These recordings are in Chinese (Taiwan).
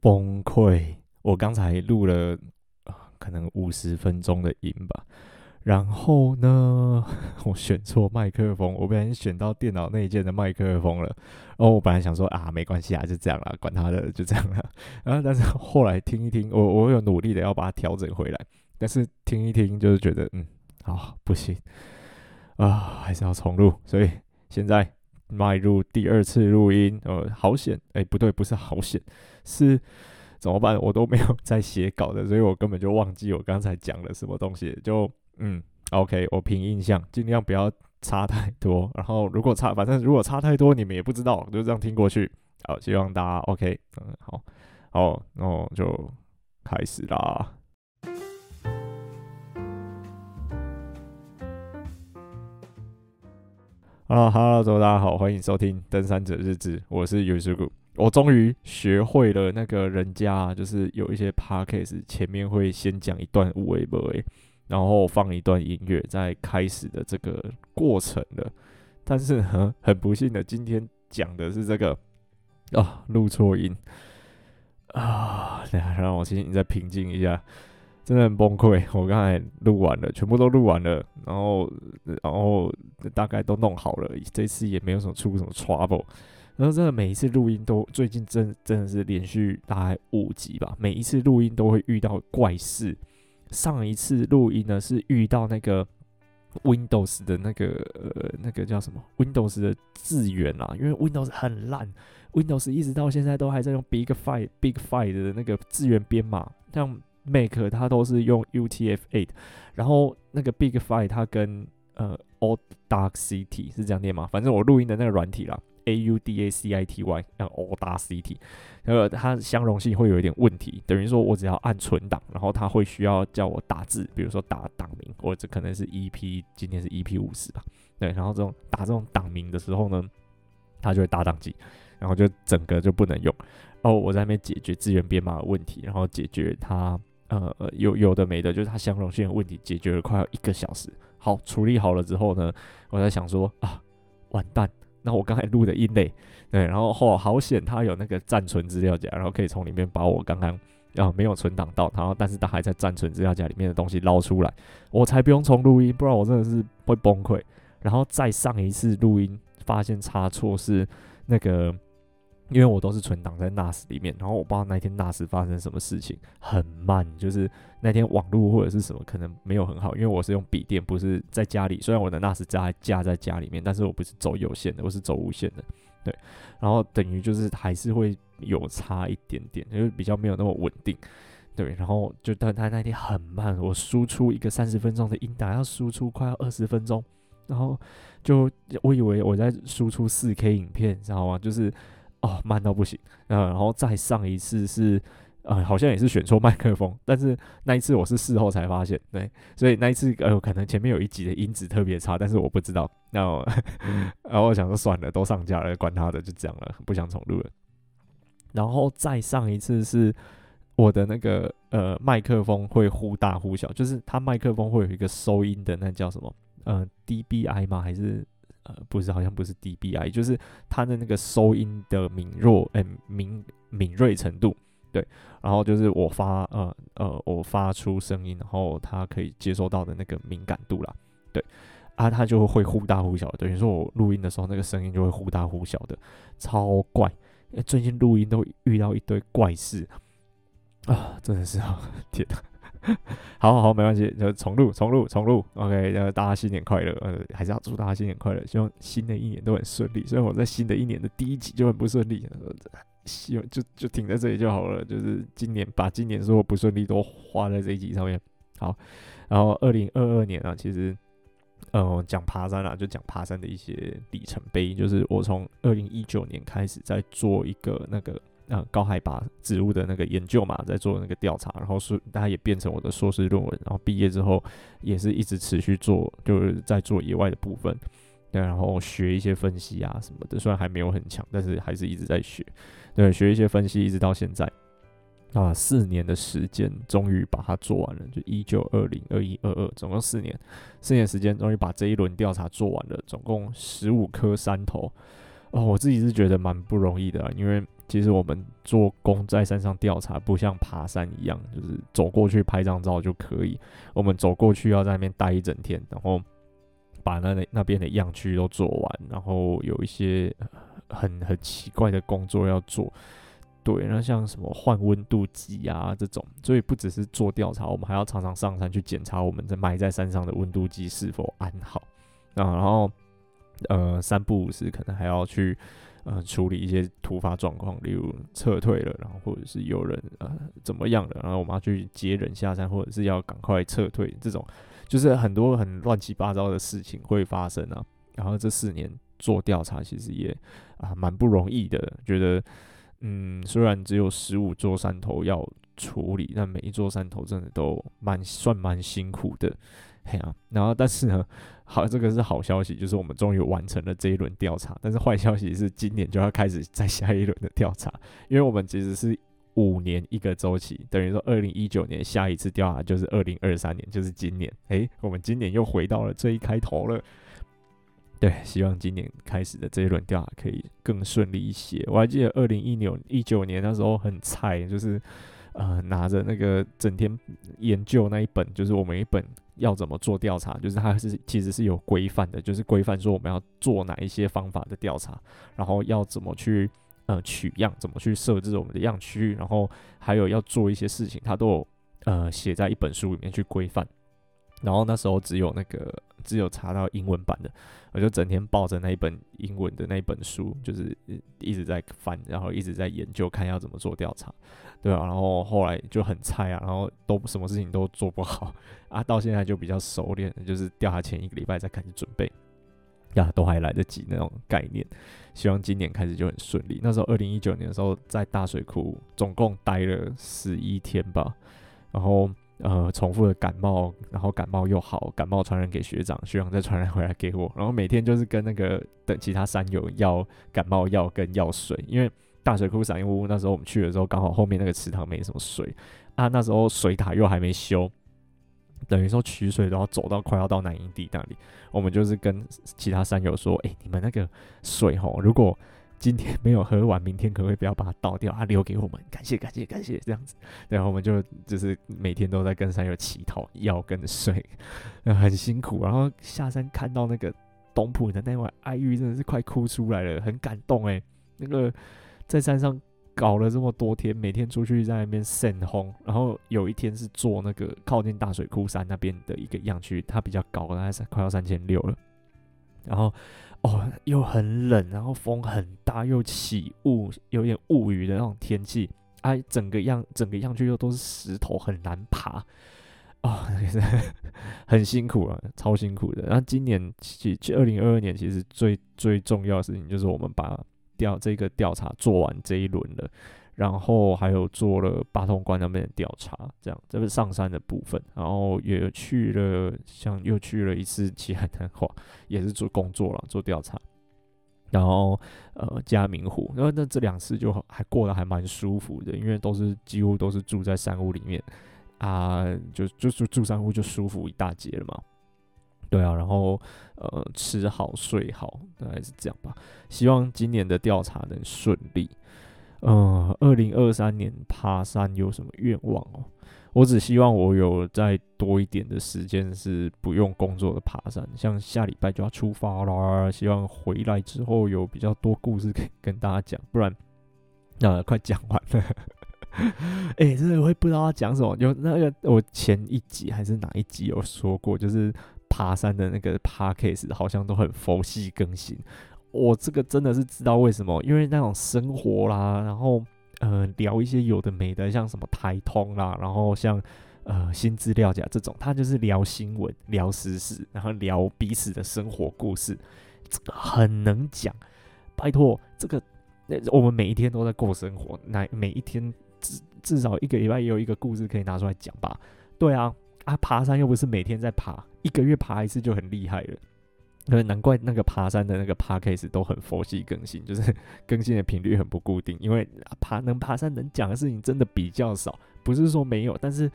崩潰！我剛才錄了、呃、可能五十分鐘的音吧，然後呢，我選錯麥克風，我本來選到電腦內建的麥克風了。然、呃、後我本來想說啊，沒關係啊，就這樣了，管他的，就這樣了。然、啊、後但是後來聽一聽，我我有努力的要把它調整回來，但是聽一聽就是覺得嗯，啊不行，啊、呃、還是要重錄，所以現在。邁入第二次錄音，呃，好險！哎，欸，不對，不是好險，是怎麼辦？我都沒有在寫稿的，所以我根本就忘記我剛才講了什麼東西。就嗯，OK，我憑印象，盡量不要差太多。然後如果差，反正如果差太多，你們也不知道，就這樣聽過去。好，希望大家 OK，嗯，好，哦，那我就開始啦。啊，哈嘍，大家好，歡迎收聽《登山者日志》，我，我是 Yu Shigu 我終於學會了那個人家，啊，就是有一些 podcast 前面會先講一段無為播誒，然後放一段音樂，再開始的這個過程了。但是很很不幸的，今天講的是這個啊，錄錯音啊等下，讓我先你再平靜一下。真的很崩潰，我剛才錄完了，全部都錄完了，然後，然後大概都弄好了，這次也沒有什麼出什麼 trouble。然後真的每一次錄音都，最近真真的是連續大概五集吧，每一次錄音都會遇到怪事。上一次錄音呢是遇到那個 Windows 的那個呃那個叫什麼 Windows 的字元啦、啊，因為 Windows 很爛，Windows 一直到現在都還在用 Big Five Big Five 的那個字元編碼，像。Make 它都是用 UTF-8，然後那個 Big Five 它跟呃 All Dark City 是這樣念嗎？反正我錄音的那個軟體啦，A U D A C I T Y 叫、呃、All Dark City，然後它相容性會有一點問題，等於說我只要按存檔，然後它會需要叫我打字，比如說打檔名，或者可能是 EP，今天是 EP 五十吧，對，然後這種打這種檔名的時候呢，它就會打檔機，然後就整個就不能用。哦，我在那邊解決資源編碼的問題，然後解決它。呃，有有的沒的，就是它相容性的問題解決了，快要一個小時。好，處理好了之後呢，我在想說啊，完蛋，那我剛才錄的音咧，對，然後嚯、哦，好險，它有那個暫存資料夾，然後可以從裡面把我剛剛啊沒有存檔到，然後但是它還在暫存資料夾裡面的東西撈出來，我才不用重錄音，不然我真的是會崩潰。然後再上一次錄音，發現差錯是那個。因為我都是存檔在 NAS 裡面，然後我不知道那天 NAS 發生什麼事情很慢，就是那天網絡或者是什麼可能沒有很好，因為我是用筆電，不是在家裡。雖然我的 NAS 架架在家裡面，但是我不是走有線的，我是走無線的，對。然後等於就是還是會有差一點點，就比較沒有那麼穩定，對。然後就但他那天很慢，我輸出一個三十分鐘的音檔，要輸出快要二十分鐘，然後就我以為我在輸出四 K 影片，你知道嗎？就是。哦，慢到不行，嗯、呃，然後再上一次是，呃，好像也是選錯麥克風，但是那一次我是事後才發現，對，所以那一次呃，可能前面有一集的音質特別差，但是我不知道，那然後、嗯、然後我想說算了，都上架了，管他的，就這樣了，不想重錄了。然後再上一次是我的那個呃麥克風會忽大忽小，就是它麥克風會有一個收音的，那叫什麼？呃，DBI 嗎？還是？呃，不是，好像不是 DBI，就是它的那個收音的敏弱，哎、欸，敏敏銳程度，對，然後就是我發，呃呃，我發出聲音，然後它可以接收到的那個敏感度啦，對，啊，它就會忽大忽小的，等於說我錄音的時候那個聲音就會忽大忽小的，超怪，欸、最近錄音都遇到一堆怪事，啊，真的是啊，天吶。 好好好，沒關係，就重錄、重錄、重錄。OK，大家新年快樂，呃，還是要祝大家新年快樂，希望新的一年都很順利。所以我在新的一年的第一集就很不順利，呃，希望就就停在這裡就好了，就是今年把今年所有不順利都花在這一集上面。好，然後二零二二年啊，其實，呃，講爬山啊，就講爬山的一些里程碑，就是我從二零一九年開始在做一個那個。嗯、啊，高海拔植物的那個研究嘛，在做那個調查，然後是大家也變成我的碩士論文。然後畢業之後也是一直持續做，就是在做野外的部分，對，然後學一些分析啊什麼的。雖然還沒有很強，但是還是一直在學，對，學一些分析，一直到現在啊，四年的時間終於把它做完了，就一九二零二一二二，總共四年，四年的時間終於把這一輪調查做完了，總共十五顆山頭哦，我自己是覺得蠻不容易的，啊，因為。其實我們做工在山上調查，不像爬山一樣，就是走過去拍張照就可以。我們走過去要在那邊待一整天，然後把那那邊的樣區都做完，然後有一些很很奇怪的工作要做。對，那像什麼換溫度計啊這種，所以不只是做調查，我們還要常常上山去檢查我們這埋在山上的溫度計是否安好。啊，然後呃，三不五時可能還要去。呃，處理一些突發狀況，例如撤退了，然後或者是有人呃怎麼樣了，然後我們要去接人下山，或者是要趕快撤退，這種就是很多很亂七八糟的事情會發生啊。然後這四年做調查，其實也啊、呃、蠻不容易的。覺得嗯，雖然只有十五座山頭要處理，但每一座山頭真的都蠻算蠻辛苦的。啊、然後，但是呢，好，這個是好消息，就是我們終於完成了這一輪調查。但是壞消息是，今年就要開始再下一輪的調查，因為我們其實是五年一個周期，等於說二零一九年下一次調查就是二零二三年，就是今年。哎，我們今年又回到了這一開頭了。對，希望今年開始的這一輪調查可以更順利一些。我還記得二零一九一九年那時候很菜，就是呃拿着那個整天研究那一本，就是我們一本。要怎麼做調查，就是它是其實是有規範的，就是規範說我們要做哪一些方法的調查，然後要怎麼去呃取樣，怎麼去設置我們的樣區，然後還有要做一些事情，它都有呃寫在一本書裡面去規範。然後那時候只有那個只有查到英文版的，我就整天抱着那一本英文的那本書，就是一直在翻，然後一直在研究，看要怎麼做調查，對啊，然後後來就很菜啊，然後都什麼事情都做不好啊，到現在就比較熟練，就是調查前一個禮拜才開始準備，呀、啊，都還來得及那種概念。希望今年開始就很順利。那時候二零一九年的時候在大水庫總共待了十一天吧，然後。呃，重複的感冒，然後感冒又好，感冒傳染給學長，學長再傳染回來給我，然後每天就是跟那個等其他山友要感冒藥跟藥水，因為大水庫山屋那時候我們去的時候，剛好後面那個池塘沒什麼水啊，那時候水塔又還沒修，等於說取水然後走到快要到南營地那裡，我們就是跟其他山友說，哎，你們那個水哦，如果今天沒有喝完，明天可不可以不要把它倒掉，啊留給我們？感謝感謝感謝，這樣子，然後我們就就是每天都在跟山友乞討藥跟水、嗯，很辛苦。然後下山看到那個東埔的那碗，愛玉真的是快哭出來了，很感動哎、欸。那個在山上搞了這麼多天，每天出去在那邊滲烘，然後有一天是做那個靠近大水窟山那邊的一個樣區，它比較高，大概是快要三千六了，然後。哦，又很冷，然後風很大，又起霧，有點霧雨的那種天氣。哎、啊，整個樣整個樣區又都是石頭，很難爬，哦， 很辛苦啊，超辛苦的。那今年其二零二二年其實最最重要的事情就是我們把調這個調查做完這一輪了。然後還有做了八通關那邊的調查，這樣，這是上山的部分，然後也去了，像又去了一次奇萊南華，也是做工作了，做調查。然後呃，嘉明湖，然後那這兩次就還過得還蠻舒服的，因為都是幾乎都是住在山屋裡面，啊，就就住住山屋就舒服一大截了嘛。對啊，然後呃，吃好睡好，大概是這樣吧。希望今年的調查能順利。嗯，二零二三年爬山有什麼願望哦？我只希望我有再多一點的時間是不用工作的爬山，像下禮拜就要出發啦。希望回來之後有比較多故事可以跟大家講，不然那、啊、快講完了，誒、 欸，真的會不知道他講什麼。有那個我前一集還是哪一集有說過，就是爬山的那個 podcast 好像都很佛系更新。我、哦、這個真的是知道為什麼，因為那種生活啦，然後呃聊一些有的沒的，像什麼台通啦，然後像呃新資料夾這種，他就是聊新聞、聊時事，然後聊彼此的生活故事，這個很能講。拜托，這個那我們每一天都在過生活，那每一天至至少一個禮拜也有一個故事可以拿出來講吧？對啊，啊爬山又不是每天在爬，一個月爬一次就很厲害了。可難怪那個爬山的那個 podcast 都很佛系更新，就是更新的頻率很不固定。因為爬，爬能爬山能講的事情真的比較少，不是說沒有，但是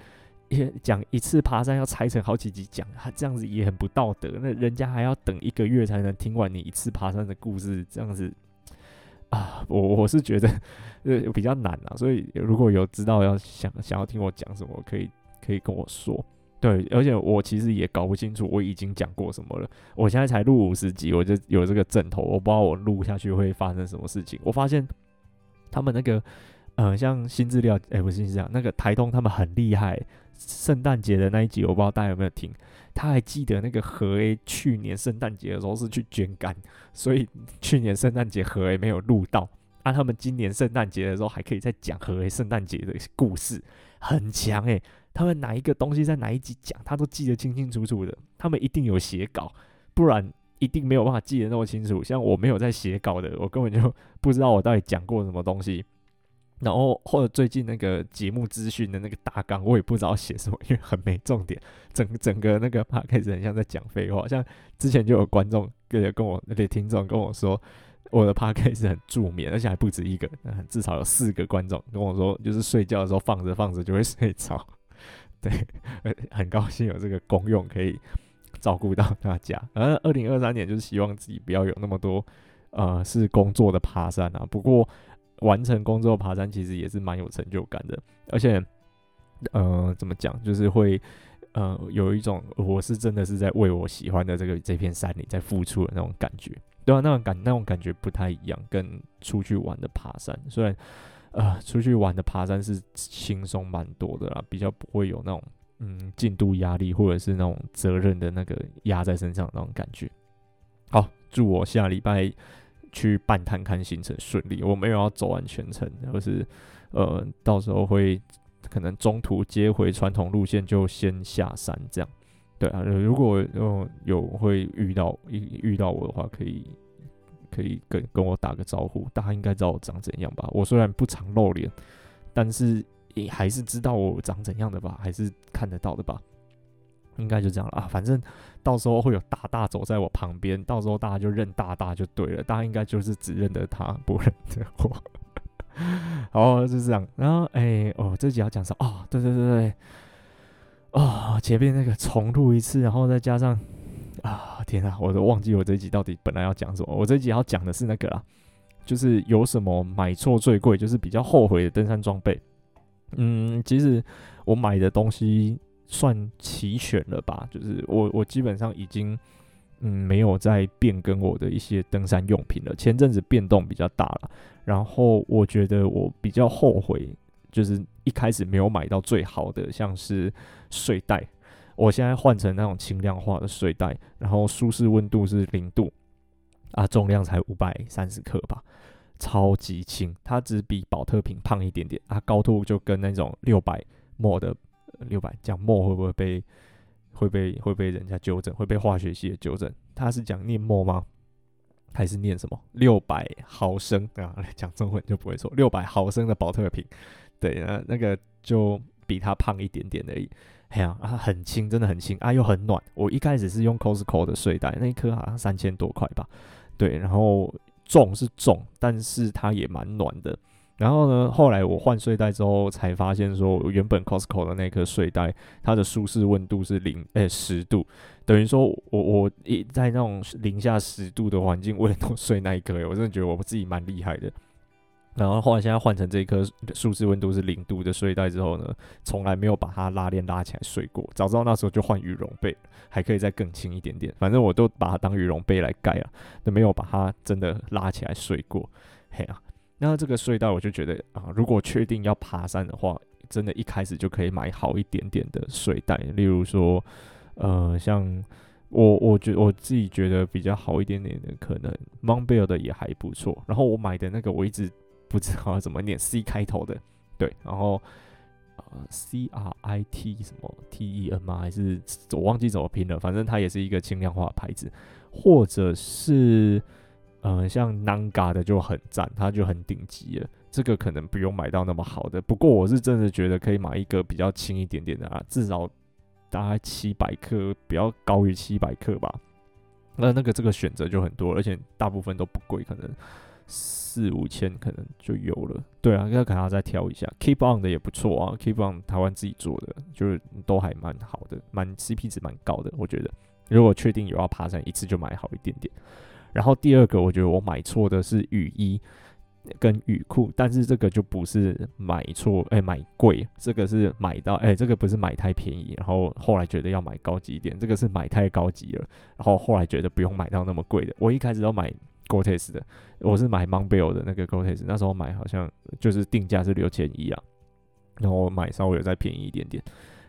也講一次爬山要拆成好幾集講，這樣子也很不道德。那人家還要等一個月才能聽完你一次爬山的故事，這樣子啊，我我是覺得呃比較難啊。所以如果有知道要想想要聽我講什麼，可以可以跟我說。對，而且我其實也搞不清楚我已經講過什麼了。我現在才錄五十集，我就有這個症頭，我不知道我錄下去會發生什麼事情。我發現他們那個，呃，像新資料，哎、欸，不是新資料，那個台通他們很厲害。聖誕節的那一集，我不知道大家有沒有聽。他還記得那個何 A 去年聖誕節的時候是去捐肝，所以去年聖誕節何 A 沒有錄到。那、啊、他們今年聖誕節的時候還可以再講何 A 聖誕節的故事，很強誒、欸。他們哪一個東西在哪一集講，他都記得清清楚楚的。他們一定有寫稿，不然一定沒有辦法記得那麼清楚。像我沒有在寫稿的,我根本就不知道我到底講過什麼東西。然後或者最近那個節目資訊的那個大綱，我也不知道寫什麼，因為很沒重點。整整個那個 Podcast 很像在講廢話。像之前就有觀眾跟著跟我那些聽眾跟我說，我的 Podcast 是很助眠，而且還不止一個，至少有四個觀眾跟我說，就是睡覺的時候放着放着就會睡着。對， 很高興有這個功用可以照顧到大家。然後二零二三年就是希望自己不要有那麼多，呃，是工作的爬山啊。不過完成工作爬山其實也是蠻有成就感的，而且，呃，怎麼講，就是會，呃，有一種我是真的是在為我喜歡的這個這片山裡在付出的那種感覺。對啊，那種、個、感那種、個、感覺不太一樣，跟出去玩的爬山雖然。呃，出去玩的爬山是輕鬆蠻多的啦，比較不會有那種嗯，進度壓力或者是那種責任的那個壓在身上那種感覺。好，祝我下禮拜去半探勘行程順利。我沒有要走完全程，而是呃，到時候會可能中途接回傳統路線就先下山這樣。對啊，如果有、呃、有會遇到遇到我的話，可以。可以跟跟我打個招呼，大家應該知道我長怎樣吧？我雖然不常露臉，但是也還是知道我長怎樣的吧？還是看得到的吧？應該就這樣了啊！反正到時候會有大大走在我旁邊，到時候大家就認大大就對了。大家應該就是只認得他，不認得我。好，就是、這樣。然後，哎、欸，哦，這集要講啥？哦，對對對對，哦，前面那個重錄一次，然後再加上。啊天啊！我都忘記我這一集到底本來要講什麼。我這一集要講的是那個啦，就是有什麼買錯最貴，就是比較後悔的登山裝備。嗯，其實我買的東西算齊全了吧，就是我我基本上已經嗯沒有再變更我的一些登山用品了。前陣子變動比較大了，然後我覺得我比較後悔，就是一開始沒有買到最好的，像是睡袋。我現在換成那種輕量化的睡袋，然後舒適溫度是零度啊，重量才五百三十克吧，超級輕，它只比寶特瓶胖一點點啊，高度就跟那種六百墨的六百講墨，會不會被會被會被人家糾正，會被化學系的糾正？他是講念墨嗎？還是念什麼六百毫升啊？講中文就不會錯，六百毫升的寶特瓶，對啊，那個就。比它胖一點點而已，嘿呀、啊，它、啊、很輕，真的很輕，啊又很暖。我一開始是用 Costco 的睡袋，那一顆好像三千多塊吧，對，然後重是重，但是它也蠻暖的。然後呢，後來我換睡袋之後，才發現說，原本 Costco 的那顆睡袋，它的舒適溫度是零誒十、欸、度，等於說我，我我一在那種零下十度的環境，我也能睡那一顆、欸，我真的覺得我自己蠻厲害的。然後後來現在換成這一顆舒適溫度是零度的睡袋之後呢，從來沒有把它拉鏈拉起來睡過。早知道那時候就換羽絨被，還可以再更輕一點點。反正我都把它當羽絨被來蓋啊，都沒有把它真的拉起來睡過。嘿啊，那這個睡袋我就覺得啊，如果確定要爬山的話，真的一開始就可以買好一點點的睡袋。例如說，呃，像我，我覺我自己覺得比較好一點點的，可能 Montbell 的也還不錯。然後我買的那個我一直。不知道怎麼念，C 開頭的，對，然後呃 C R I T 什麼 T E N 嗎？還是我忘記怎麼拼了。反正它也是一個輕量化的牌子，或者是嗯、呃，像 NANGA 的就很讚，它就很頂級了。這個可能不用買到那麼好的，不過我是真的覺得可以買一個比較輕一點點的啊，至少大概七百克，比較高於七百克吧。那、呃、那個這個選擇就很多，而且大部分都不貴，可能。四五千可能就有了，對啊，要可能要再挑一下。Keep on 的也不錯啊，Keep on 台灣自己做的，就是都還蠻好的，蠻 CP 值蠻高的，我覺得。如果確定有要爬山，一次就買好一點點。然後第二個，我覺得我買錯的是雨衣跟雨褲，但是這個就不是買錯，哎、欸、買貴，這個是買到，哎、欸、這個不是買太便宜，然後後來覺得要買高級一點，這個是買太高級了，然後後來覺得不用買到那麼貴的，我一開始要買。Gore-Tex 的，我是買 Montbell 的那個 Gore-Tex，那時候買好像就是定價是六千一啊，然後我買稍微有再便宜一點點，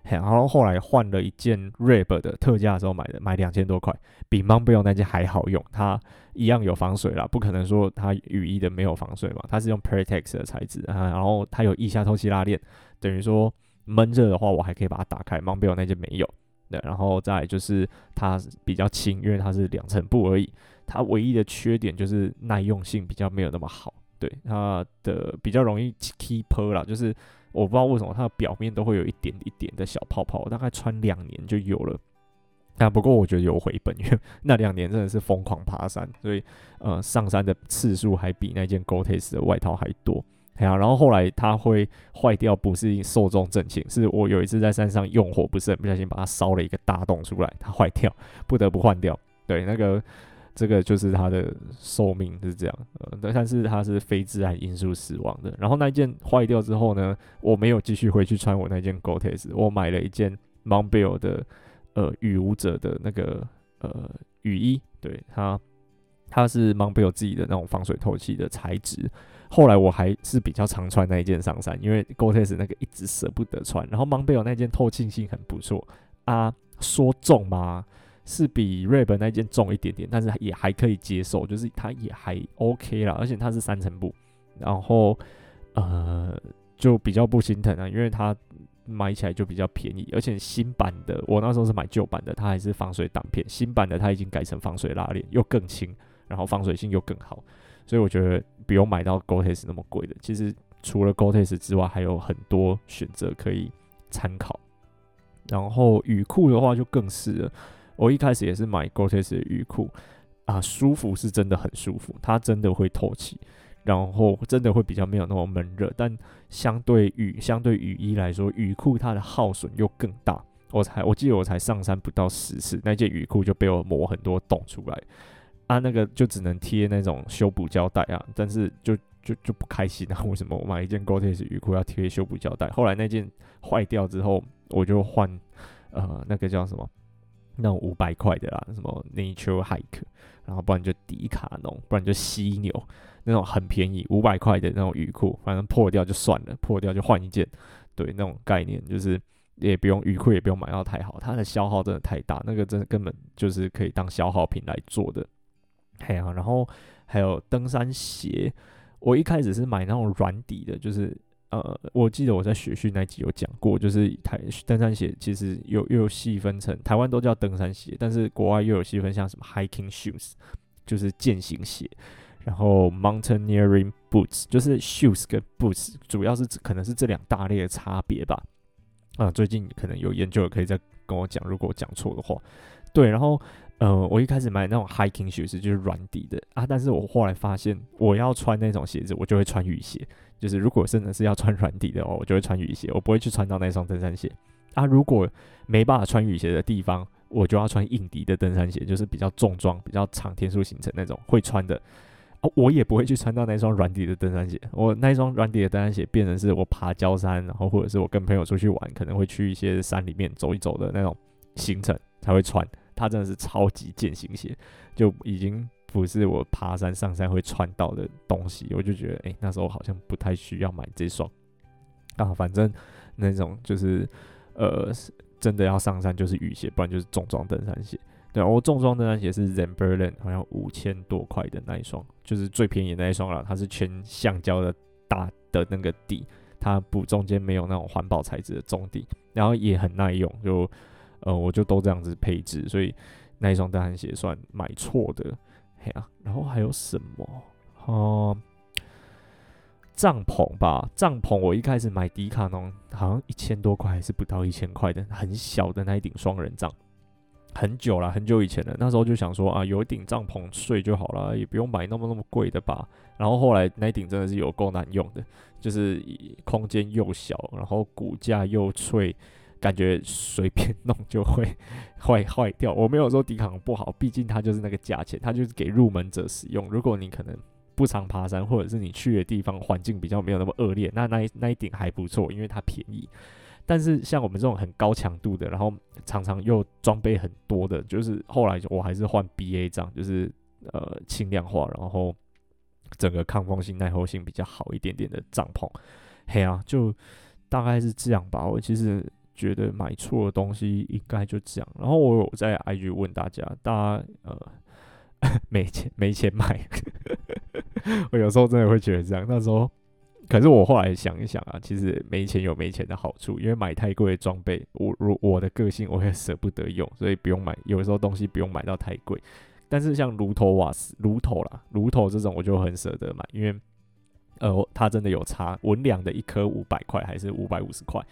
嘿，然後後來換了一件 Rab 的，特價的時候買的，買兩千多塊，比 Montbell 那件還好用，它一樣有防水啦，不可能說它雨衣的沒有防水嘛，它是用 Pertex 的材質啊，然後它有腋下透氣拉鏈，等於說悶熱的話我還可以把它打開，Montbell 那件沒有，對，然後再就是它比較輕，因為它是兩層布而已。它唯一的缺點就是耐用性比較沒有那麼好。對，它的比較容易起皮啦，就是我不知道為什麼它的表面都會有一點一點的小泡泡，我大概穿兩年就有了。但、啊、不過我覺得有回本，因為那兩年真的是瘋狂爬山，所以呃上山的次數還比那件 Gore-Tex 的外套還多。哎呀、啊，然後後來它會壞掉，不是壽終正寢，是我有一次在山上用火不慎，不小心把它燒了一個大洞出來，它壞掉，不得不換掉。對那個。這個就是它的壽命是這樣，呃，但是它是非自然因素死亡的。然後那一件壞掉之後呢，我沒有繼續回去穿我那件 Gore-Tex，我買了一件 Mont-bell 的呃雨舞者的那個呃雨衣，對它，它是 Mont-bell 自己的那種防水透氣的材質。後來我還是比較常穿那一件上山，因為 Gore-Tex 那個一直舍不得穿。然後 Mont-bell 那件透氣性很不錯啊，說重嗎？是比 r i b o 那件重一點點，但是也還可以接受，就是它也還 OK 啦。而且它是三層布，然後呃就比較不心疼啊，因為它買起來就比較便宜。而且新版的，我那時候是買舊版的，它還是防水擋片；新版的它已經改成防水拉鏈，又更輕，然後防水性又更好。所以我覺得不用買到 Gore-Tex 那麼貴的。其實除了 Gore-Tex 之外，還有很多選擇可以參考。然後雨褲的話，就更是了。我一開始也是買 Gore-Tex 的雨褲，啊，舒服是真的很舒服，它真的會透氣，然後真的會比較沒有那麼悶熱。但相對於相對雨衣，衣來說，雨褲它的耗損又更大。我才我記得我才上山不到十次，那件雨褲就被我磨很多洞出來，啊，那個就只能貼那種修補膠帶啊。但是就就就不開心啊！為什麼我買一件 Gore-Tex 雨褲要貼修補膠帶？後來那件壞掉之後，我就換呃那個叫什麼？那種五百塊的啦，什麼 Nature Hike，然後不然就迪卡儂，不然就犀牛，那種很便宜，五百塊的那種雨褲，反正破掉就算了，破掉就換一件。對，那種概念就是，也不用雨褲也不用買到太好，它的消耗真的太大，那個真的根本就是可以當消耗品來做的，啊，然後還有登山鞋，我一開始是買那種軟底的，就是。呃，我記得我在雪訓那集，有講過，就是台登山鞋其實又又有細分成，台灣都叫登山鞋，但是國外又有細分，像什麼 hiking shoes 就是健行鞋，然後 mountaineering boots 就是 shoes 跟 boots，主要是可能是這兩大類的差別吧。啊、呃，最近可能有研究的可以再跟我講，如果我講錯的話，對，然後。呃，我一開始買那種 hiking shoes 就是軟底的啊，但是我後來發現，我要穿那種鞋子，我就會穿雨鞋。就是如果真的是要穿軟底的話，哦，我就會穿雨鞋，我不會去穿到那雙登山鞋。啊，如果沒辦法穿雨鞋的地方，我就要穿硬底的登山鞋，就是比較重裝、比較長天數行程那種會穿的。哦、啊，我也不會去穿到那雙軟底的登山鞋。我那雙軟底的登山鞋變成是我爬郊山，然後或者是我跟朋友出去玩，可能會去一些山裡面走一走的那種行程才會穿。它真的是超級健行鞋，就已經不是我爬山上山會穿到的東西。我就覺得，誒、欸，那時候好像不太需要買這雙。啊，反正那種就是，呃，真的要上山就是雨鞋，不然就是重裝登山鞋。對我、哦、重裝登山鞋是 z a m b e r e nZamberlan 好像五千多塊的那一雙，就是最便宜的那一雙了。它是全橡膠的大的那個底，它不中間沒有那種環保材質的中底，然後也很耐用，就。嗯、呃，我就都這樣子配置，所以那一雙登山鞋算買錯的，嘿啊。然後還有什麼？哦、嗯，帳篷吧，帳篷。我一開始買迪卡儂，好像一千多塊還是不到一千塊的，很小的那一頂雙人帳，很久了，很久以前了。那時候就想說啊，有一頂帳篷睡就好了，也不用買那麼那麼貴的吧。然後後來那頂真的是有夠難用的，就是空間又小，然後骨架又脆。感覺隨便弄就會壞壞掉。我沒有說迪卡儂不好，畢竟它就是那個價錢，它就是給入門者使用。如果你可能不常爬山，或者是你去的地方環境比較沒有那麼惡劣，那那那一頂還不錯，因為它便宜。但是像我們這種很高強度的，然後常常又裝備很多的，就是後來我還是換 B A 帳，就是呃輕量化，然後整個抗風性、耐候性比較好一點點的帳篷。嘿啊，就大概是這樣吧。我其實。覺得買錯的東西應該就這樣，然後我有在 IG 問大家，大家呃沒錢沒錢買呵呵，我有時候真的會覺得這樣。那時候，可是我後來想一想啊，其實沒錢有沒錢的好處，因為買太貴的裝備，我如我的個性我也捨不得用，所以不用買。有時候東西不用買到太貴，但是像爐頭瓦斯爐頭啦，爐頭這種我就很捨得買，因為呃它真的有差，文良的一顆五百塊還是五百五十塊。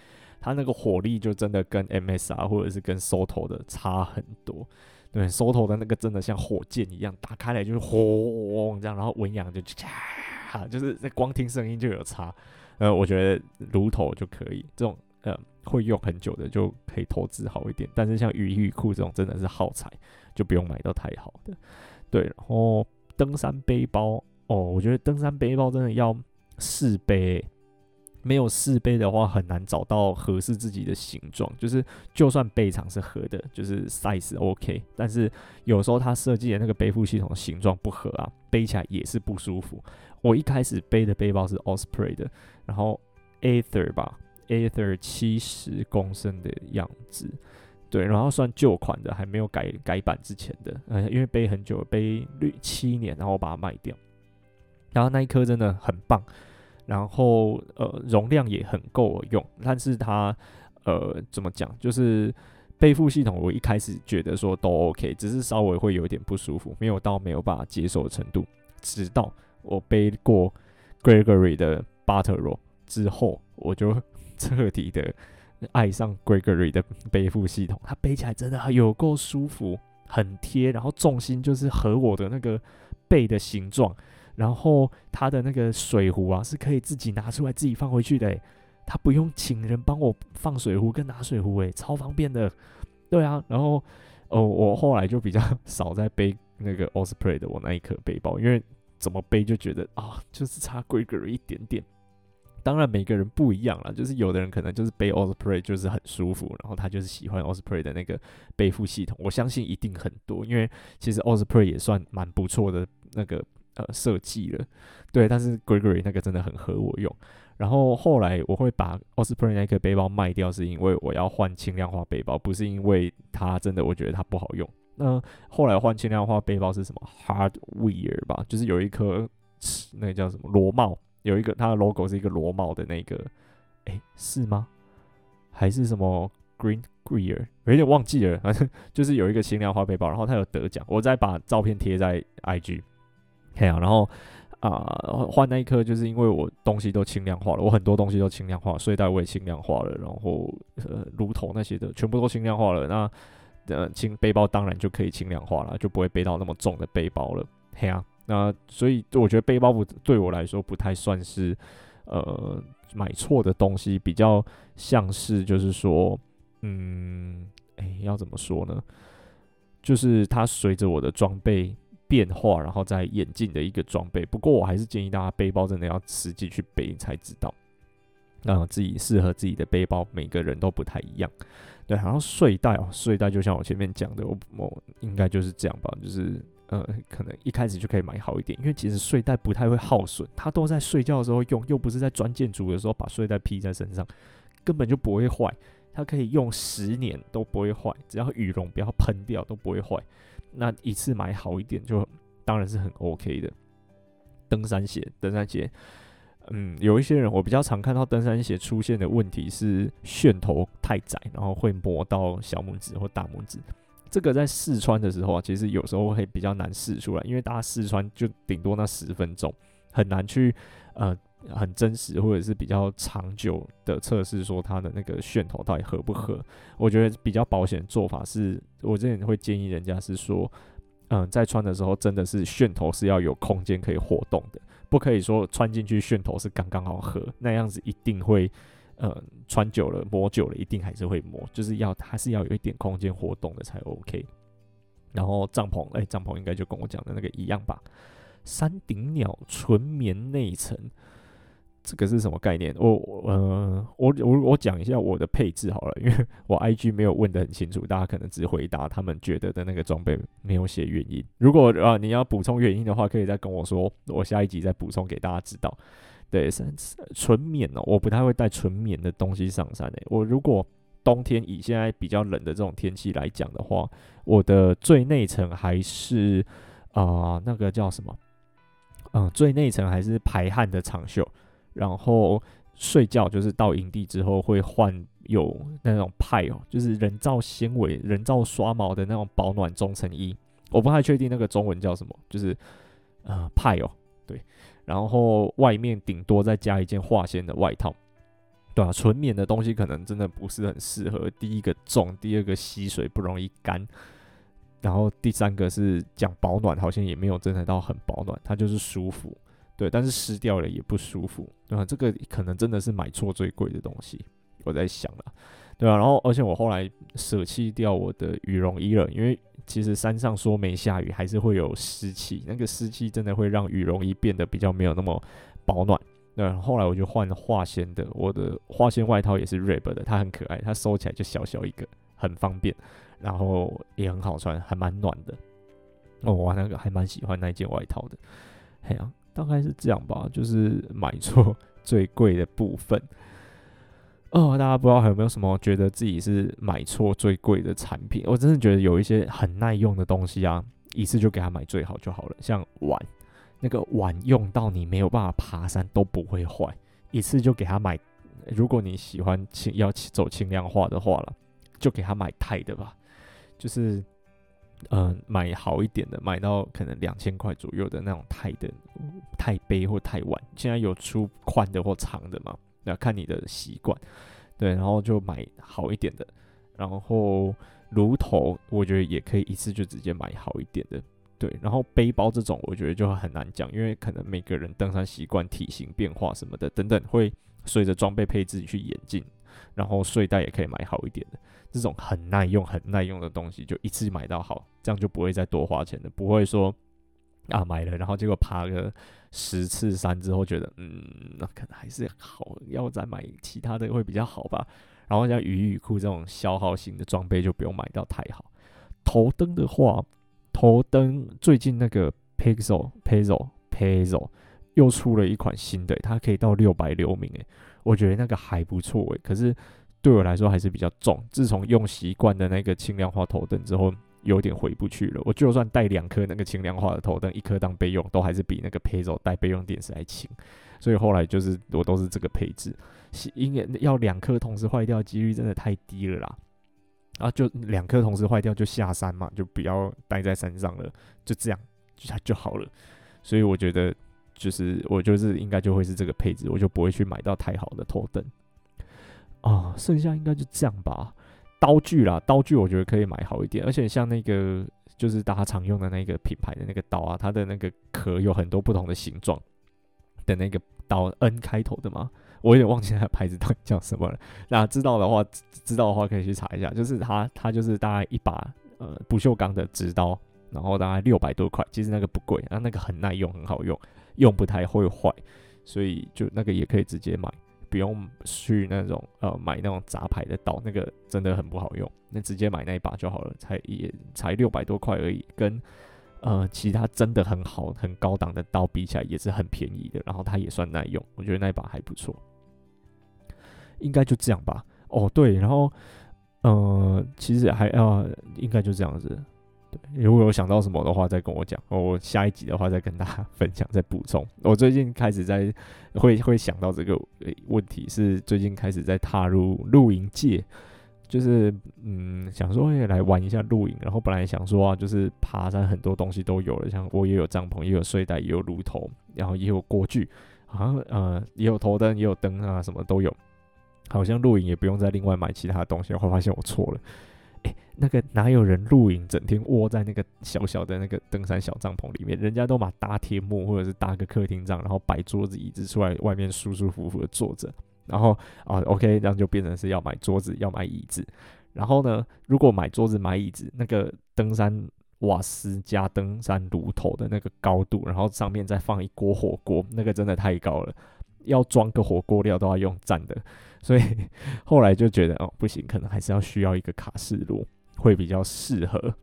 它那個火力就真的跟 MSR 或者是跟 Soto 的差很多，對，Soto 的那個真的像火箭一樣打開來就是轟這樣，然後文揚就嚓，就是在光聽聲音就有差。呃，我覺得爐頭就可以，這種呃會用很久的就可以投資好一點，但是像雨衣雨褲這種真的是耗材，就不用買到太好的。對，然後登山背包哦，我覺得登山背包真的要試背。沒有試背的話，很難找到合適自己的形狀。就是，就算背長是合的，就是 size OK，但是有時候它設計的那個背負系統的形狀不合啊，背起來也是不舒服。我一開始背的背包是 Osprey 的，然後 Aether 吧，Aether 七十公升的樣子，對，然後算舊款的，還沒有改改版之前的，呃，因為背很久，背六七年，然後我把它賣掉。然後那一顆真的很棒。然後呃，容量也很夠我用，但是它呃怎麼講，就是背負系統，我一開始覺得說都 OK，只是稍微會有點不舒服，沒有到沒有辦法接受的程度。直到我背過 Gregory 的 Baltoro 之後，我就徹底的愛上 Gregory 的背負系統，它背起來真的有夠舒服，很貼，然後重心就是和我的那個背的形狀。然後他的那個水壺啊，是可以自己拿出來、自己放回去的，他不用請人幫我放水壺跟拿水壺，哎，超方便的。對啊，然後哦，我後來就比較少再背那個 Osprey 的我那一顆背包，因為怎麼背就覺得啊，就是差規格一點點。當然每個人不一樣啦，就是有的人可能就是背 Osprey 就是很舒服，然後他就是喜歡 Osprey 的那個背負系統。我相信一定很多，因為其實 Osprey 也算蠻不錯的那個。呃，設計了，對，但是 Gregory 那個真的很合我用。然後後來我會把 Osprey 那個背包賣掉，是因為我要換輕量化背包，不是因為它真的我覺得它不好用。那、呃、後來換輕量化背包是什麼？Hardwear 吧，就是有一顆那個叫什麼螺帽，有一個它的 logo 是一個螺帽的那個，誒、欸，是嗎？還是什麼 Green Greer？有點忘記了，反正就是有一個輕量化背包，然後它有得獎，我再把照片貼在 IG。嘿呀、啊，然後啊、呃，換那一刻就是因為我東西都輕量化了，我很多東西都輕量化了，睡袋我也輕量化了，然後呃，爐頭那些的全部都輕量化了，那呃，輕背包當然就可以輕量化了，就不會背到那麼重的背包了。嘿呀、啊，那所以我覺得背包不對我來說不太算是呃買錯的東西，比較像是就是說，嗯，哎，要怎麼說呢？就是它隨着我的裝備。變化，然後再演進的一個裝備。不過我還是建議大家背包真的要實際去背才知道，啊，自己適合自己的背包，每個人都不太一樣。對，然後睡袋哦、喔，睡袋就像我前面講的，我，我應該就是這樣吧，就是呃，可能一開始就可以買好一點，因為其實睡袋不太會耗損，它都在睡覺的時候用，又不是在鑽箭竹的時候把睡袋披在身上，根本就不會壞，它可以用十年都不會壞，只要羽絨不要噴掉都不會壞。那一次買好一點，就當然是很 OK 的。登山鞋，登山鞋，嗯，有一些人我比較常看到登山鞋出現的問題是楦頭太窄，然後會磨到小拇指或大拇指。這個在試穿的時候啊，其實有時候會比較難試出來，因為大家試穿就頂多那十分鐘，很難去呃。很真實，或者是比較長久的測試，說它的那個楦頭到底合不合？我覺得比較保險的做法是，我這邊會建議人家是說，嗯，在穿的時候真的是楦頭是要有空間可以活動的，不可以說穿進去楦頭是剛剛好合，那樣子一定會，嗯，穿久了磨久了一定還是會磨，就是要它是要有一點空間活動的才 OK。然後帳篷，誒，帳篷應該就跟我講的那個一樣吧？山頂鳥純棉內層。這個是什麼概念？我呃，我我我講一下我的配置好了，因為我 IG 沒有問得很清楚，大家可能只回答他們覺得的那個裝備，沒有寫原因。如果啊，你要補充原因的話，可以再跟我說，我下一集再補充給大家知道。對，純棉哦，我不太會帶純棉的東西上山欸，我如果冬天以現在比較冷的這種天氣來講的話，我的最內層還是啊，那個叫什麼？嗯，最內層還是排汗的長袖。然後睡覺就是到營地之後會換有那種派哦，就是人造纖維、人造刷毛的那種保暖中層衣，我不太確定那個中文叫什麼，就是呃派哦，對。然後外面頂多再加一件化纖的外套，對啊，純棉的東西可能真的不是很適合，第一個重，第二個吸水不容易乾，然後第三個是講保暖，好像也沒有真的到很保暖，它就是舒服。對，但是濕掉了也不舒服，對啊，這個可能真的是買錯最貴的東西，我在想了，對啊，然後，而且我後來捨棄掉我的羽絨衣了，因為其實山上說沒下雨，還是會有濕氣，那個濕氣真的會讓羽絨衣變得比較沒有那麼保暖。對，後來我就換了化纖的，我的化纖外套也是 Rib 的，它很可愛，它收起來就小小一個，很方便，然後也很好穿，還蠻暖的。我、哦、我那個還蠻喜歡那件外套的，哎呀、啊。大概是這樣吧，就是買錯最貴的部分。哦，大家不知道還有沒有什麼覺得自己是買錯最貴的產品？我真的覺得有一些很耐用的東西啊，一次就給他買最好就好了。像碗，那個碗用到你沒有辦法爬山都不會壞，一次就給他買。如果你喜歡輕，要走輕量化的話了，就給他買鈦的吧。就是。嗯，買好一點的，買到可能兩千塊左右的那種鈦的、鈦杯或鈦碗。現在有出寬的或長的嘛？那看你的習慣，對，然後就買好一點的。然後爐頭，我覺得也可以一次就直接買好一點的，對。然後背包這種，我覺得就很難講，因為可能每個人登山習慣、體型變化什麼的等等，會隨着裝備配置去演進。然後睡袋也可以買好一點的，這種很耐用、很耐用的東西，就一次買到好，這樣就不會再多花錢了。不會說啊買了，然後結果爬個十次山之後，覺得嗯，那可能還是好，要再買其他的會比較好吧。然後像雨衣雨褲這種消耗型的裝備，就不用買到太好。頭燈的話，頭燈最近那個 Pixel Pixel Pixel 又出了一款新的，它可以到六百流明誒。我覺得那個還不錯誒、欸，可是對我來說還是比較重。自從用習慣的那個輕量化頭燈之後，有點回不去了。我就算帶兩顆那個輕量化的頭燈，一顆當備用，都還是比那個 Petzl 帶備用電池還輕。所以後來就是我都是這個配置，應該要兩顆同時壞掉的幾率真的太低了啦。然後就兩顆同時壞掉就下山嘛，就不要待在山上了，就這樣下就，就好了。所以我覺得。就是我就是應該就會是這個配置，我就不會去買到太好的頭燈啊。剩下應該就這樣吧。刀具啦，刀具我覺得可以買好一點。而且像那個就是大家常用的那個品牌的那個刀啊，它的那個殼有很多不同的形狀的那個刀，N 開頭的嘛，我有點忘記它牌子到底叫什麼了。那知道的話，知道的話可以去查一下。就是它，它就是大概一把呃不鏽鋼的直刀，然後大概六百多塊，其實那個不貴啊，那個很耐用，很好用。用不太會壞，所以就那個也可以直接買，不用去那種呃買那種雜牌的刀，那個真的很不好用。那直接買那一把就好了，才也才六百多塊而已，跟呃其他真的很好、很高檔的刀比起來也是很便宜的。然後它也算耐用，我覺得那一把還不錯，應該就這樣吧。哦，對，然後呃，其實還啊、呃，應該就這樣子。如果有想到什麼的話，再跟我講。我下一集的話，再跟大家分享，再補充。我最近開始在會會想到這個、欸、問題，是最近開始在踏入露營界，就是嗯，想說、欸、來玩一下露營。然後本來想說、啊，就是爬山很多東西都有了，像我也有帳篷，也有睡袋，也有爐頭，然後也有鍋具，好像呃，也有頭燈，也有燈啊，什麼都有。好像露營也不用再另外買其他的東西，然後發現我錯了。哎，那個哪有人露營，整天窩在那個小小的那個登山小帳篷裡面？人家都把搭天幕，或者是搭個客廳帳，然後擺桌子椅子出來，外面舒舒服服的坐着。然後啊，OK，這樣就變成是要買桌子，要買椅子。然後呢，如果買桌子買椅子，那個登山瓦斯加登山爐頭的那個高度，然後上面再放一鍋火鍋，那個真的太高了，要裝個火鍋料都要用站的。所以後來就覺得哦，不行，可能還是要需要一個卡式爐，會比較適合。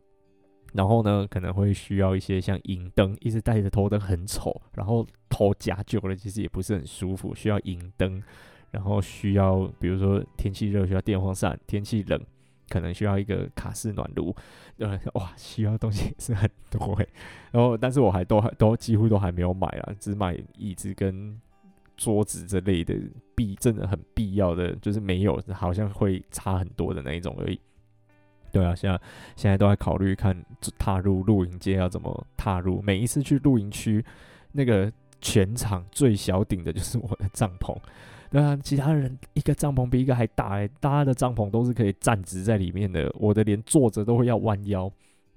然後呢，可能會需要一些像營燈，一直戴着頭燈很醜，然後頭夾久了其實也不是很舒服，需要營燈。然後需要，比如說天氣熱需要電風扇，天氣冷可能需要一個卡式暖爐。對、呃，哇，需要的東西是很多、欸。然後，但是我還都還都幾乎都還沒有買啦，只買椅子跟。桌子之類的必真的很必要的，就是沒有，好像會差很多的那一種而已。對啊，現在現在都在考慮看踏入露營界要怎麼踏入。每一次去露營區，那個全場最小頂的就是我的帳篷，當然、啊、其他人一個帳篷比一個還大，欸，大家的帳篷都是可以站直在裡面的，我的連坐着都會要彎腰。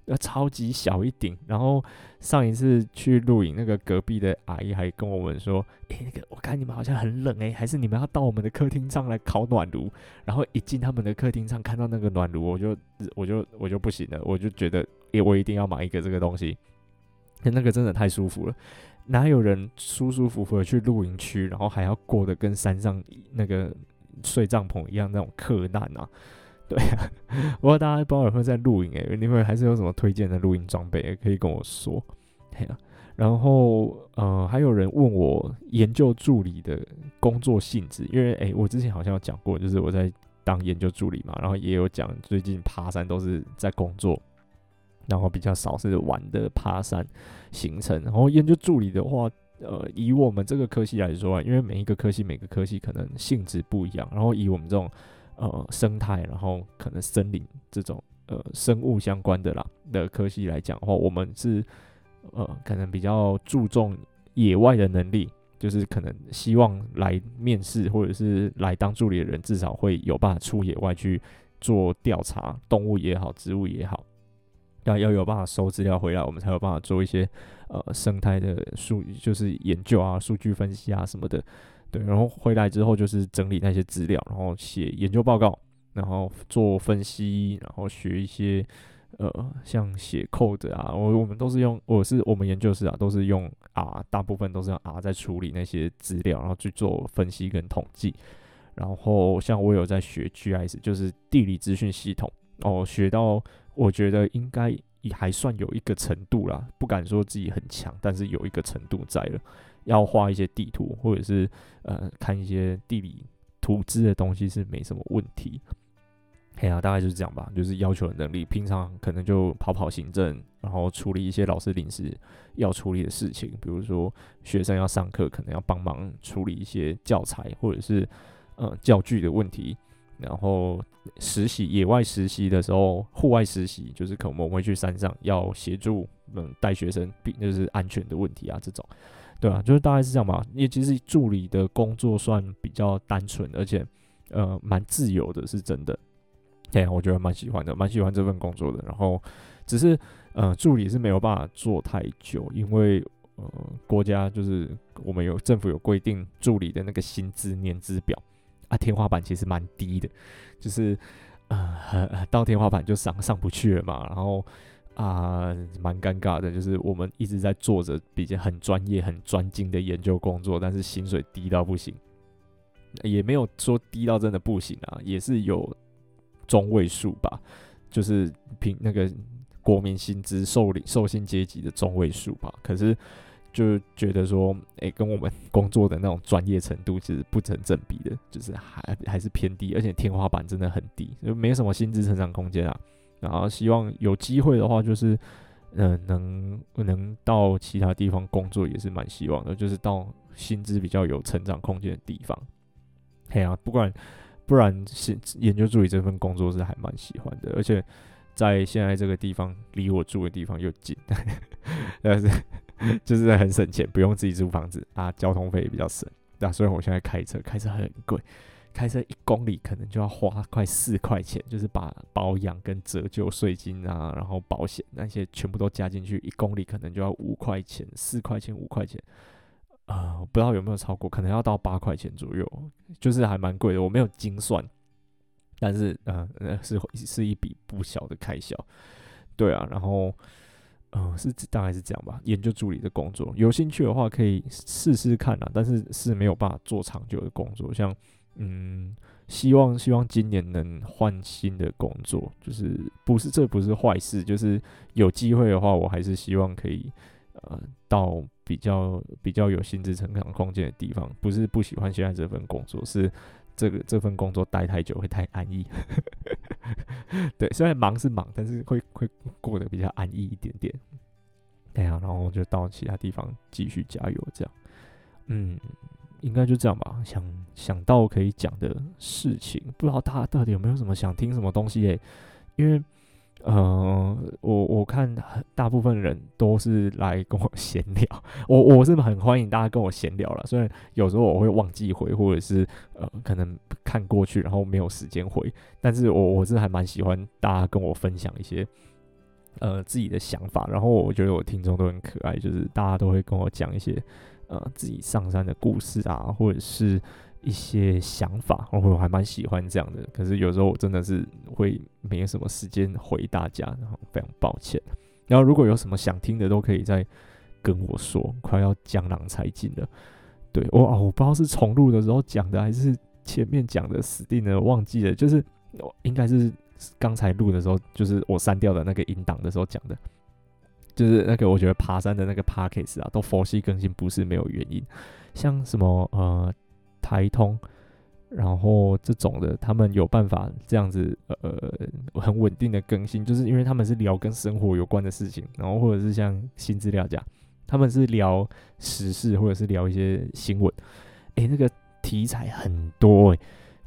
要超級小一頂，然後上一次去露營，那個隔壁的阿姨還跟我們說：“欸，那個我看你們好像很冷欸，還是你們要到我們的客廳上來烤暖爐？”然後一進他們的客廳上看到那個暖爐，我就我就我就不行了，我就覺得，欸，我一定要買一個這個東西，那個真的太舒服了，哪有人舒舒服服的去露營區，然後還要過得跟山上那個睡帳篷一樣那種克難啊？對啊，我不知道大家不知會在錄音誒，你們還是有什麼推薦的錄音裝備、欸、可以跟我說。對啊，然後嗯、呃，還有人問我研究助理的工作性質，因為誒、欸，我之前好像有講過，就是我在當研究助理嘛，然後也有講最近爬山都是在工作，然後比較少是玩的爬山行程。然後研究助理的話，呃以我們這個科系來說啊，因為每一個科系每個科系可能性質不一樣，然後以我們這種。呃，生態，然後可能森林這種呃生物相關的啦的科系來講的話，我們是呃可能比較注重野外的能力，就是可能希望來面試或者是來當助理的人，至少會有辦法出野外去做調查，動物也好，植物也好，要要有辦法收資料回來，我們才有辦法做一些呃生態的數，就是研究啊、數據分析啊什麼的。對，然後回來之後就是整理那些資料，然後寫研究報告，然後做分析，然後學一些呃，像寫 code 啊，我我們都是用，我是我們研究室啊，都是用 R，大部分都是用 R 在處理那些資料，然後去做分析跟統計。然後像我有在學 GIS，就是地理資訊系統，哦，學到我覺得應該也還算有一個程度啦，不敢說自己很強，但是有一個程度在了。要畫一些地圖，或者是呃看一些地理圖資的東西是沒什麼問題，啊。大概就是這樣吧，就是要求的能力。平常可能就跑跑行政，然後處理一些老師臨時要處理的事情，比如說學生要上課，可能要幫忙處理一些教材或者是呃教具的問題。然後實習野外實習的時候，戶外實習就是可能我們會去山上要，要協助嗯帶學生，那就是安全的問題啊這種。對啊，就是大概是這樣吧。因為其實助理的工作算比較單純，而且，呃，蠻自由的，是真的。對，我覺得蠻喜歡的，蠻喜歡這份工作的。然後，只是呃，助理是沒有辦法做太久，因為呃，國家就是我們有政府有規定助理的那個薪資年資表啊，天花板其實蠻低的，就是呃，到天花板就上上不去了嘛。然後。啊，蠻尷尬的，就是我們一直在做着比較很專業、很專精的研究工作，但是薪水低到不行，也沒有說低到真的不行啊，也是有中位數吧，就是平那個國民薪資受理受薪階級的中位數吧。可是就覺得說，哎、欸，跟我們工作的那種專業程度其實不成正比的，就是還還是偏低，而且天花板真的很低，就沒有什麼薪資成長空間啊。然後希望有機會的話，就是，嗯、呃，能能到其他地方工作也是蠻希望的，就是到薪資比較有成長空間的地方。嘿啊，不管不然，研究助理這份工作是還蠻喜歡的，而且在現在這個地方離我住的地方又近，呵呵但是就是很省錢，不用自己租房子啊，交通費也比較省。那、啊、所以我現在開車，開車很貴。開車一公里可能就要花快四塊錢，就是把保養跟折舊稅金啊，然後保險那些全部都加進去，一公里可能就要五塊錢、四塊錢、五塊錢，呃，不知道有沒有超過，可能要到八塊錢左右，就是還蠻貴的。我沒有精算，但是嗯、呃，是是一筆不小的開銷。對啊，然後呃是大概是這樣吧。研究助理的工作，有興趣的話可以試試看啊，但是是沒有辦法做長久的工作，像。嗯，希望希望今年能換新的工作，就是不是這不是壞事，就是有機會的話，我還是希望可以呃到比較比較有薪資成長空間的地方。不是不喜歡現在這份工作，是這個這份工作待太久會太安逸。 對，雖然忙是忙，但是會會過得比較安逸一點點。對、欸、啊，然後就到其他地方繼續加油，這樣，嗯。應該就這樣吧，想想到可以講的事情，不知道大家到底有沒有什麼想聽什麼東西欸，因為，呃，我我看大部分人都是來跟我閒聊，我我是很歡迎大家跟我閒聊了。雖然有時候我會忘記回，或者是呃，可能看過去然後沒有時間回，但是我我是還蠻喜歡大家跟我分享一些呃自己的想法。然後我覺得我聽眾都很可愛，就是大家都會跟我講一些。呃，自己上山的故事啊，或者是一些想法，我我還蠻喜歡這樣的。可是有時候我真的是會沒有什麼時間回大家，然後非常抱歉。然後如果有什麼想聽的，都可以再跟我說。快要江郎才盡了，對，哇、哦啊，我不知道是重錄的時候講的，還是前面講的。死定了，忘記了，就是我應該是剛才錄的時候，就是我刪掉的那個音檔的時候講的。就是那個我覺得爬山的那個 podcast 啊，都佛系更新不是沒有原因，像什麼呃台通，然後這種的，他們有辦法這樣子呃很穩定的更新，就是因為他們是聊跟生活有關的事情，然後或者是像新資料夾，他們是聊時事或者是聊一些新聞，誒、欸，那個題材很多誒、欸，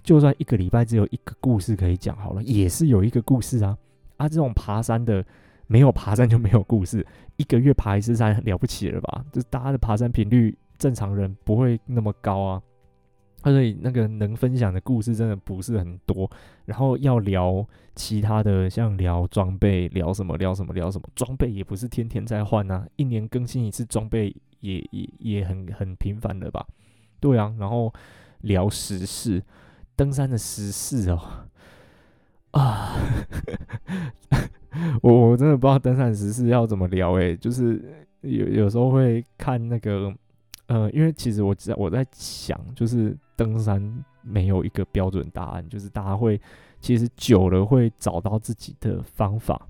就算一個禮拜只有一個故事可以講好了，也是有一個故事啊，啊這種爬山的，沒有爬山就沒有故事，一個月爬一次山很了不起了吧？就是大家的爬山頻率，正常人不會那麼高啊。所以那個能分享的故事真的不是很多。然後要聊其他的，像聊裝備，聊什麼？聊什麼？聊什麼？裝備也不是天天在換啊，一年更新一次裝備也也也很很頻繁的吧？對啊。然後聊時事，登山的時事哦，啊。 我我真的不知道登山時是要怎麼聊欸，就是有有時候會看那個，呃，因為其實我在我在想，就是登山沒有一個標準答案，就是大家會其實久了會找到自己的方法，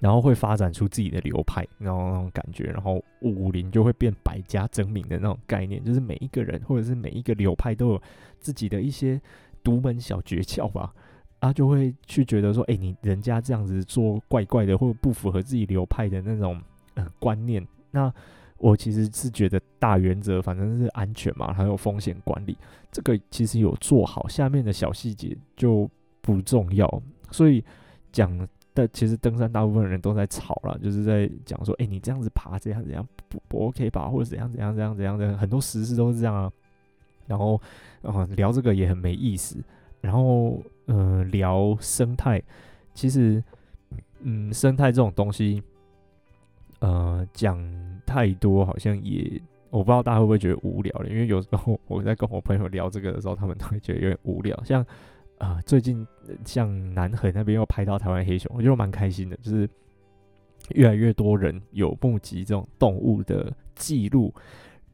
然後會發展出自己的流派，然後那種感覺，然後武林就會變百家爭鳴的那種概念，就是每一個人或者是每一個流派都有自己的一些獨門小訣竅吧。啊，他就會去覺得說，誒、欸，你人家這樣子做怪怪的，或者不符合自己流派的那種、呃、觀念。那我其實是覺得大原則反正是安全嘛，還有風險管理，這個其實有做好，下面的小細節就不重要。所以講，但其實登山大部分人都在吵了，就是在講說，誒、欸，你這樣子爬這樣怎樣不不 OK 吧或者怎樣怎樣怎樣怎樣，很多實事都是這樣。啊，然後啊、嗯，聊這個也很沒意思。然後。嗯、呃，聊生態，其實，嗯，生態這種東西，呃，講太多好像也，我不知道大家會不會覺得無聊了。因為有時候我在跟我朋友聊這個的時候，他們都會覺得有點無聊。像，啊、呃，最近像南橫那邊又拍到台灣黑熊，我覺得蠻開心的。就是越來越多人有目擊這種動物的記錄。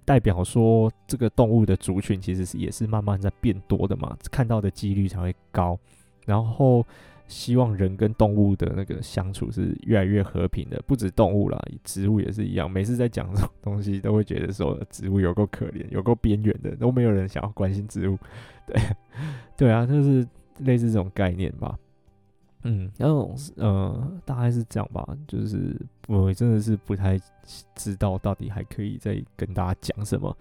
代表說，這個動物的族群其實是也是慢慢在變多的嘛，看到的幾率才會高。然後希望人跟動物的那個相處是越來越和平的，不止動物啦，植物也是一樣。每次在講這種東西，都會覺得說，植物有夠可憐，有夠邊緣的，都沒有人想要關心植物。對，對啊，就是類似這種概念吧。嗯，然後 No. 呃，大概是這樣吧，就是我真的是不太知道到底還可以再跟大家講什麼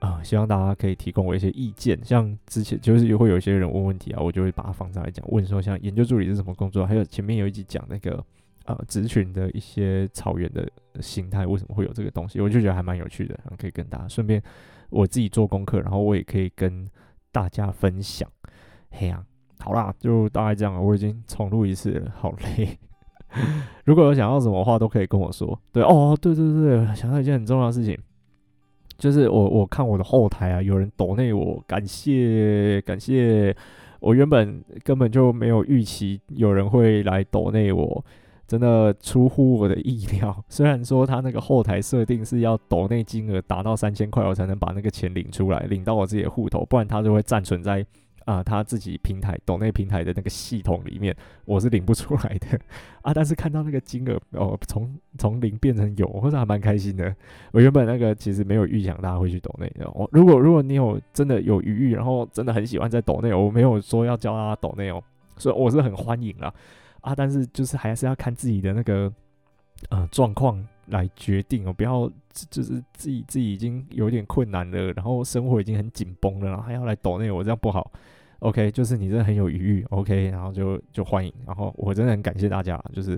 啊、呃，希望大家可以提供我一些意見。像之前就是也會有一些人問問題啊，我就會把它放上來講。問說像研究助理是什麼工作，還有前面有一集講那個呃，植群的一些草原的形態，為什麼會有這個東西，我就覺得還蠻有趣的，然後可以跟大家順便我自己做功課，然後我也可以跟大家分享。嘿呀、啊。好啦，就大概這樣，我已經重錄一次了，好累。 如果有想要什麼話，都可以跟我說。對哦，對對對對，想到一件很重要的事情，就是我我看我的後台啊，有人抖內我，感謝感謝。我原本根本就沒有預期有人會來抖內我，真的出乎我的意料。雖然說他那個後台設定是要抖內金額達到三千塊，我才能把那個錢領出來，領到我自己的戶頭，不然他就會暫存在。啊，他自己平台抖內平台的那個系統裡面，我是領不出來的。啊，但是看到那個金額哦，從從零變成有，我是還蠻開心的。我原本那個其實沒有預想大家會去抖內，我、哦、如果如果你有真的有餘裕，然後真的很喜歡在抖內，我沒有說要教大家抖內哦，所以我是很歡迎啦。啊，但是就是還是要看自己的那個呃狀況，來決定哦，不要就是自己自己已經有點困難了，然後生活已經很緊繃了，然後還要來抖內，我這樣不好。OK，就是你真的很有餘裕，OK，然後就就歡迎，然後我真的很感謝大家，就是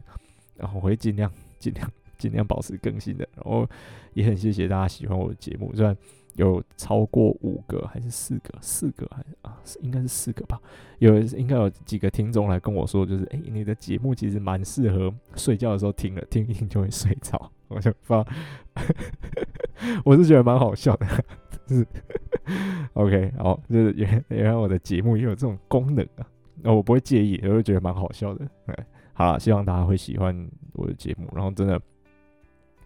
然後我會盡量盡量盡量保持更新的，然後也很謝謝大家喜歡我的節目，雖然有超過五個還是四個，四個還是，啊應該是四個吧，有應該有幾個聽眾來跟我說，就是哎、欸、你的節目其實蠻適合睡覺的時候聽了，聽一聽就會睡着。我想發， 我是覺得蠻好笑的， 就是 OK，好，就是原原來我的節目也有這種功能啊，那、哦、我不會介意，我就覺得蠻好笑的。 好啦，希望大家會喜歡我的節目，然後真的，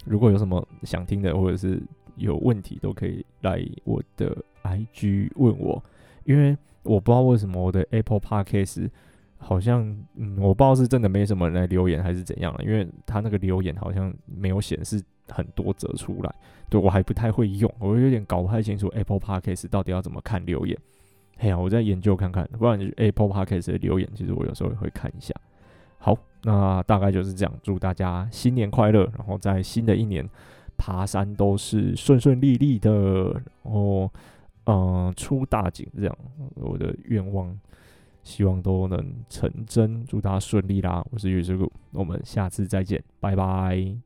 如果有什麼想聽的或者是有問題，都可以來我的 IG 問我，因為我不知道為什麼我的 Apple Podcast。好像，嗯，我不知道是真的沒什麼人來留言還是怎樣了，因為他那個留言好像沒有顯示很多則出來。對，我還不太會用，我有點搞不太清楚 Apple Podcast 到底要怎麼看留言。嘿呀、啊，我再研究看看，不然就 Apple Podcast 的留言其實我有時候也會看一下。好，那大概就是這樣，祝大家新年快樂，然後在新的一年爬山都是順順利利的，然後嗯，出大景這樣，我的願望。希望都能成真，祝大家順利啦！我是月之谷，我們下次再見，拜拜。